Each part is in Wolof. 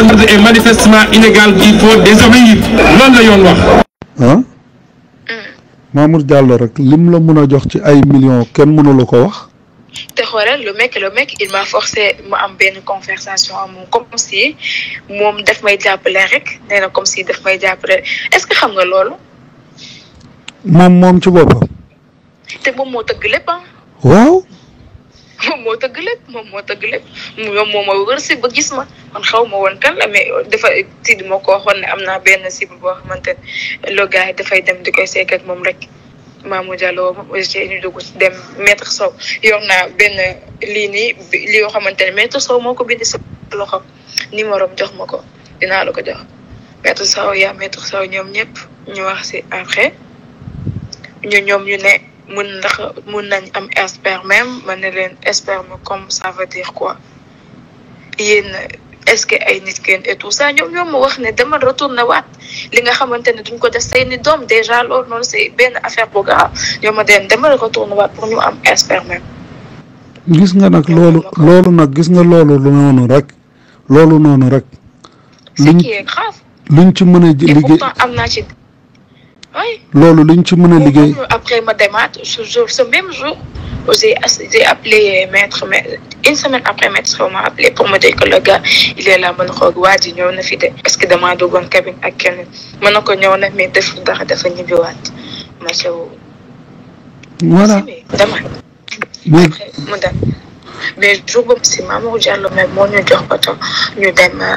l'entendre est manifestement inégal il faut désobéir loolu la yoon wax. ah. Hmm. Mamour rek lim la mën a jox ci ay millions kenn mënula ko wax. te xoolal le mekk le mec il m'a forcé mu am benn conversation moom comme si moom daf may jàppale rek nee comme si daf may jàppale est-ce que xam nga loolu. moom moom ci boppam. te moom moo tëgg lépp ah. waaw. moom moo tëgg lépp moom moo tëgg lépp moom moo ma wër si ba gis ma man xaw ma woon kan la mais dafa Sidi moo ko waxoon ne am naa benn cible boo xamante ne loo gars dafay dem di koy seek moom rek Mamour Diallo ma aussi dugg dem maître Sow yor naa benn lii nii li yoo xamante ne maître Sow moo ko bind si loxo numéro jox ma ko dinaa la ko jox maître ya yaa maître Sow ñoom ñëpp ñu wax si après ñu ñoom ñu mën ndax mën nañ am sperme même ma ne leen sperme comme ça veut dire quoi yéen est-ce que ay nit ngeen et tout ça ñoom ñoom ma wax ne dama retourné waat li nga xamante ne duñ ko def seeni doom déjà loolu noonu c'est benn affaire bu grave ñoom ma den dama am sperme gis nga nag loolu gis nga loolu noonu rek loolu noonu rek. luñ luñ ci mën a liggéey am naa loolu liñ ci mën a liggéey. après ma demaat ce jour ce même jour j'ai j'ai appelé mais une semaine après maître xaw ma appelé pour me dire que le gars il est là ma ne waa ji ñëw na fi de parce que damaa duggoon cabine ak keneen ma ne ko ñëw na mais def dara dafa ñibbiwaat ma ca woo. Oh. voilà dama. après mu dem mais moo ñu jox ko ñu dem. Euh,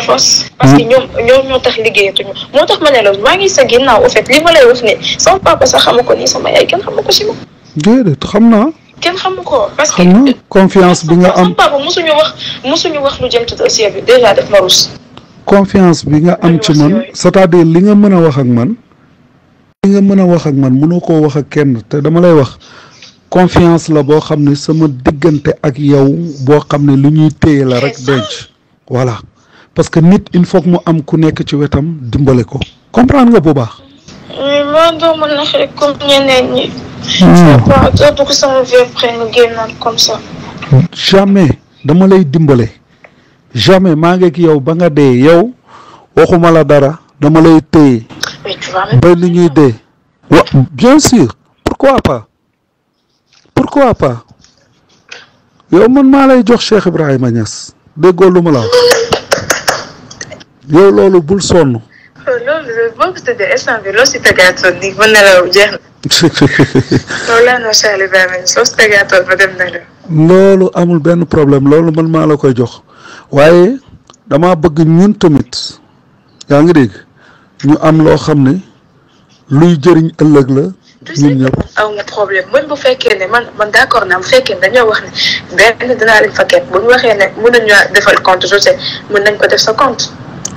par ngi sa ginnaaw au fait li ma confiance bi nga am sama papa ci nga am ci man cest à li nga mën a wax ak man. li nga mën a wax ak man mënoo koo wax ak kenn te dama lay wax. confiance la boo xam ne sama diggante ak yow boo xam ne lu ñuy téye la rek denc voilà parce que nit il faut mu am ku nekk ci wetam dimbale ko comprendre nga bu baax. Hmm. jamais dama lay dimbale jamais maa ngi ak ba nga dee yow waxuma la dara dama lay téye. ba ni ñuy dee. wa bien pourquoi pas pourquoi pas yow man maa lay jox Cheikh Ibrahima Niass déggoo lu ma la yow loolu bul sonn. Oh, loolu boo ko tëddee bi loo si tegaatoon nii ba nelaw jeex na. Mawlana Cheikh Ibrahima loo si tegaatoon ba dem nelaw. loolu amul benn problème loolu man maa la koy jox waaye dama bëgg ñun tamit yaa ngi dégg ñu am loo xam ne luy jëriñ ëllëg la. ñun ñëpp aw ma problème man bu fekkee ne man man d' accord naa bu fekkee ne dañoo wax ne benn dinaa leen fa bu ñu waxee ne mën nañu defal compte je sais mën nañ ko def sa compte.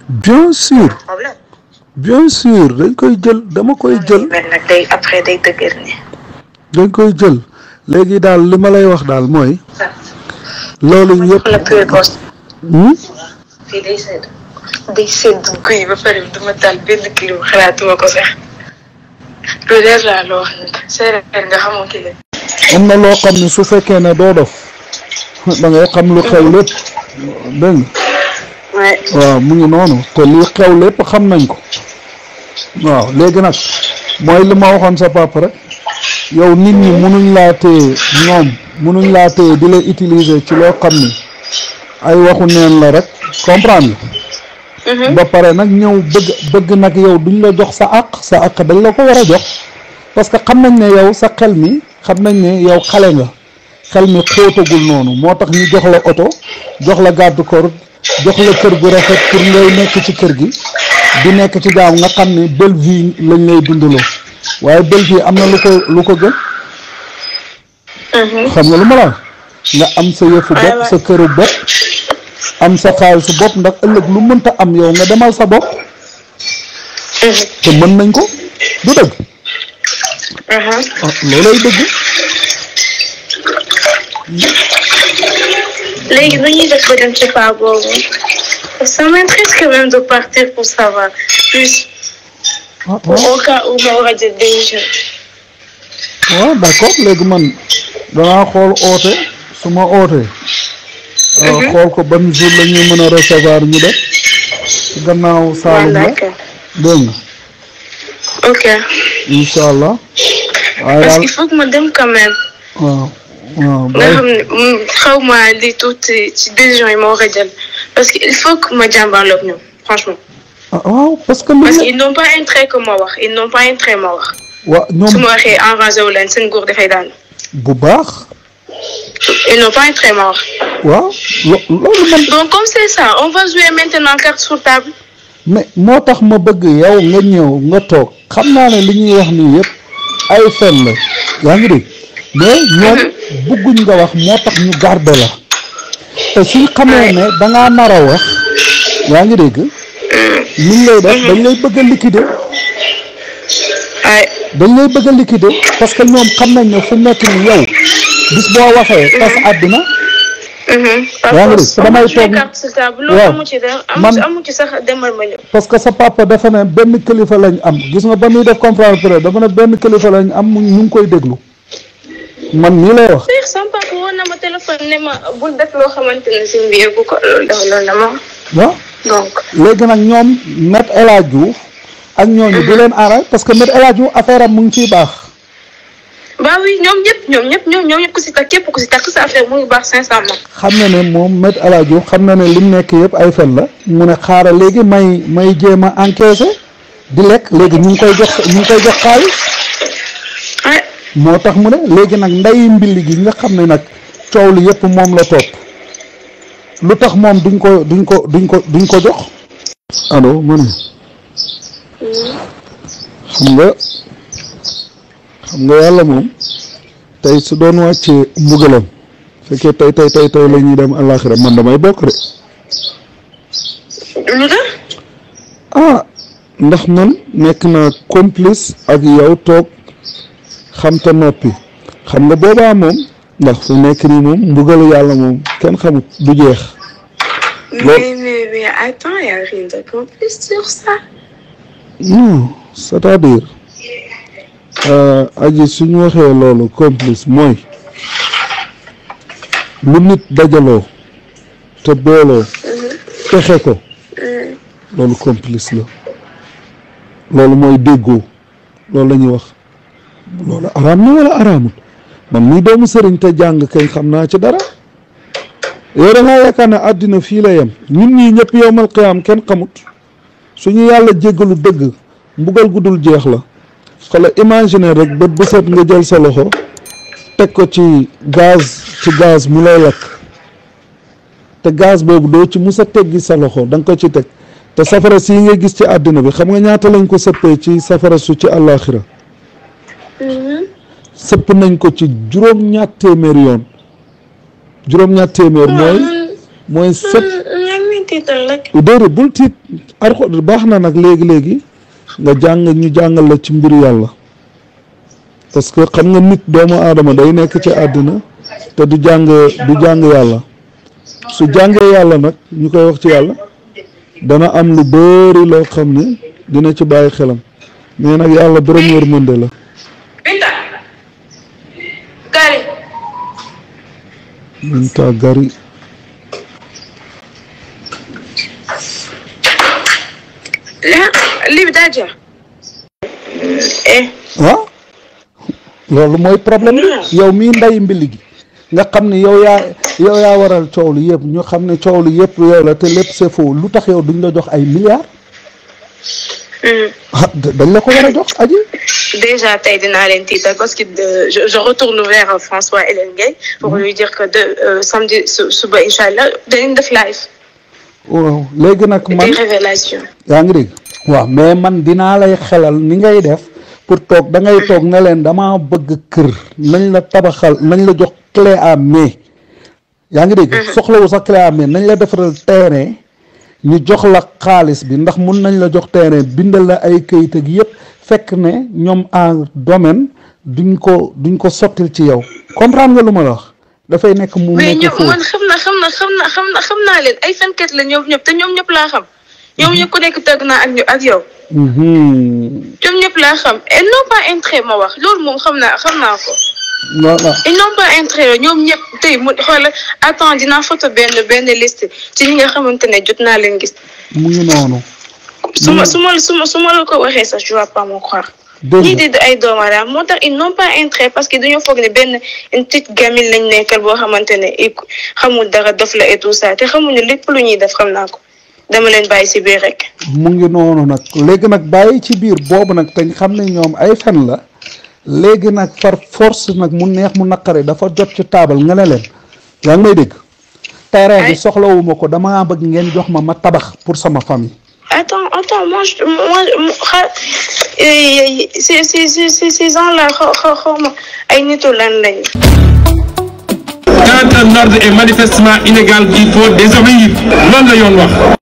bien sûr bien sûr dañ koy jël dama koy jël. day après dañ koy jël léegi daal li ma lay wax daal mooy. loolu yëpp hmm? fii day sedd day sedd na loo xam ne su fekkee ne doo dof da xam lu xew lépp dégg waaw mu ngi noonu te lii xew lépp xam nañ ko waaw léegi nag mooy li ma waxoon sa papa rek yow nit ñi munuñ laa téye ñoom munuñ laa téye di la utiliser ci loo xam ni ay waxu neen la rek comprendre nga mm-hmm. ba pare nag ñëw bëgg bëgg nag yow duñ la jox sa àq sa àq dañ la ko war a jox parce que xam nañ ne yow sa xel mi xam nañ ne yow xale nga xel mi xóotagul noonu moo tax ñu jox la oto jox la garde corps jox la kër gu rafet pour ngay nekk ci kër gi di nekk ci jaamu nga xam ne belle vie lañ lay dundaloo waaye belle vie am na lu ko lu ko gën. Mhm. xam nga lu ma la nga am sa yëfu bopp sa këru bopp am sa xaalisu bopp ndax ëllëg lu mënta am yow nga demal sa bopp. Mhm. te mën nañ ko du dëgg. Mhm. Ah, léegi nu ñuy def ba dem ci paa boobu ça m'intéresse quand de partir pour savoir plus ah, au cas où ma war a jël décision. d'accord léegi man danaa xool oote su ma ootee. Mhm. Euh, xool ko ban jour la ñuy mën a recevoir ñu def ci gannaaw Saalum la dégg nga. ok. incha parce qu'il faut que ma dem quand même. waaw. nga oh, xam ne xaw ma li tuuti ci décision yi ma war a jël parce que il faut que ma jàmbaarloog ñoom franchement. Ah, parce que. parce que ils n'ont pas intérêt que ma wax ils n'ont pas intérêt ma wu leen seen góor dafay daal. bu baax. ils n'ont donc comme c'est ça on va jouer maintenant carte sur table. mais moo tax ma bëgg yow nga ñëw nga toog xam naa ne ñuy wax nii yëpp ay fen la yaa ngi dégg. mais ñoom mhm. bëgguñ nga wax moo tax ñu garde la te suñ xamee ne da ngaa nar wax yaa ngi dégg mhm. liñ lay def mhm. dañ lay bëgg a liquider dañ lay bëgg a que ñoom xam nañ ne fu nekk ni yow bis boo waxee tas àddina yaa ngi dégg te damay toog waaw man parce que sa papa dafa ne benn kilifa lañ am gis nga ba muy def conférence dafa ne benn kilifa lañ am mu ñu koy déglu man nii lay wax. Seex sama papa na ma téléphone ne ma bul def loo xamante ne si mbir bu ko loolu dama. waaw donc léegi nag ñoom Maître El Hadj Diouf ak ñooñu du leen aara parce que Maître El Hadj mu ngi ciy baax. waaw oui ñoom ñëpp ñoom ñëpp ñoom ñëpp ku si takk képp ku si takk sa affaire mu ngi baax 500 moom. xam na ne moom Maître El xam na ne li mu nekk yëpp ay fen la mu ne xaaral léegi may may jéem a encaissé di lekk léegi ñu ngi ñu ngi koy jox xaalis. moo tax mu ne léegi nag nday mbill gi nga xam ne nag coow li yëpp moom la topp lu tax moom duñ ko duñ ko duñ ko duñ ko jox allo ma xam nga xam nga yàlla moom tey su doon wàccee mbugalam fekkee tey tey tey tey la ñuy dem àllaaxira man damay bokk de lu tax ah ndax man nekk na complice ak yow toog xam te noppi xam nga boobaa moom ndax fu nekk nii moom mbugalu yàlla moom kenn xamut du jeex. mais mais mais non c'est-à-dire euh, aji suñu waxee loolu complice mooy lu nit dajaloo te booloo mhm. texe ko mhm. loolu complice la loolu mooy déggoo loolu la ñuy wax. loolu araam na wala araamul man mii doomu sëriñ te jàng kañ xam naa ci dara yow da ngaa yaakaar àddina fii la yem ñun ñii ñëpp yowmal am kenn xamut suñu yàlla jéggalu dëgg mbugal guddul jeex la xala imaginer rek bët bu set nga jël sa loxo teg ko ci gaz ci gaz mu lay lakk te gaz boobu doo ci mus a teggi sa loxo da nga ko ci teg te safara si yi nga gis ci àddina bi xam nga ñaata lañ ko sëppee ci safara su ci àllaaxira Mhm. sëpp nañ ko ci juróom-ñaar téeméer yoon juróom-ñaar téeméer mooy mhm. mooy sëpp déedéet mhm. bul tiit arko baax na nag léegi-léegi nga jàng ñu jàngal la ci mbir yàlla parce que xam nga nit doomu aadama day nekk ci àddina te du jàng du jàng yàlla su jàngee yàlla nag ñu koy wax ci yàlla dana am lu bëri loo xam ne dina ci bàyyi xelam mais nag yàlla borom yërmande la gari manta eh. ah? loolu mooy problème yow mi nday mbili gi nga xam ne yow yaa yow yaa waral coow lu yëpp ñu xam ne coow lu yëpp yow la te lépp c'est faux lu tax yow duñ la jox ay milliards Ah, dañ la ko war a jox aji. déjà tey dinaa leen tiital parce que je je retourne vers euh, François Hélène Gueye pour mhm. lui dire que de euh, samedi suba incha allah dañu def live. waaw léegi nag man révélation yaa waaw man dinaa lay xelal ni ngay def pour toog dangay toog ne leen damaa bëgg kër nañ la tabaxal nañ la jox clé à main yaa ngi dégg. Mhm. soxlawu sa clé à main nañ la defaral terrain. ñu jox la xaalis bi ndax mun nañ la jox terrain bindal la ay këyit ak yëpp fekk ne ñoom en domaine duñ ko duñ ko sottil ci yow comprendre nga lu ma la wax dafay nekk mu nekk foofu xam na xam na xam na xam xam naa leen ay sankat la ñoom ñëpp te ñoom ñëpp laa xam ñoom mhm. ñëpp ku nekk tëgg naa ak ñu ak yow mhm. ñoom ñëpp laa xam et pas intérêt ma wax loolu moom xam naa xam naa ko non non. ils pas intérêt ñoom ñëpp tey mu xoolal attends na photo benn benn liste ci ñi nga xamante ne jot naa leen gis. mu ngi noonu. su ma su ma su ma su ma la ko waxee sa je vois pas mon croire. ñii di ay daal moo tax ils n'ont pas intérêt parce que dañoo foog ne benn une petite lañ nekkal boo xamante ne xamul dara def la et tout ça te xamuñu lépp lu ñuy def xam naa ko dama leen bàyyi ci biir rek. mu ngi noonu nag léegi nag bàyyi ci biir boobu nag te xam ne ñoom ay fen la. léegi nag par force nag mu neex mu naqare dafa jot ci taabal nga ne leen yaa ngi may dégg terrain bi soxlawuma ko dama bëgg ngeen jox ma ma tabax pour sama famille attends attends moi je moi euh, ces ces ces ces gens là xaw ma ay nitu lan lañu quand un ordre est manifestement illégal il faut désobéir loolu la yoon wax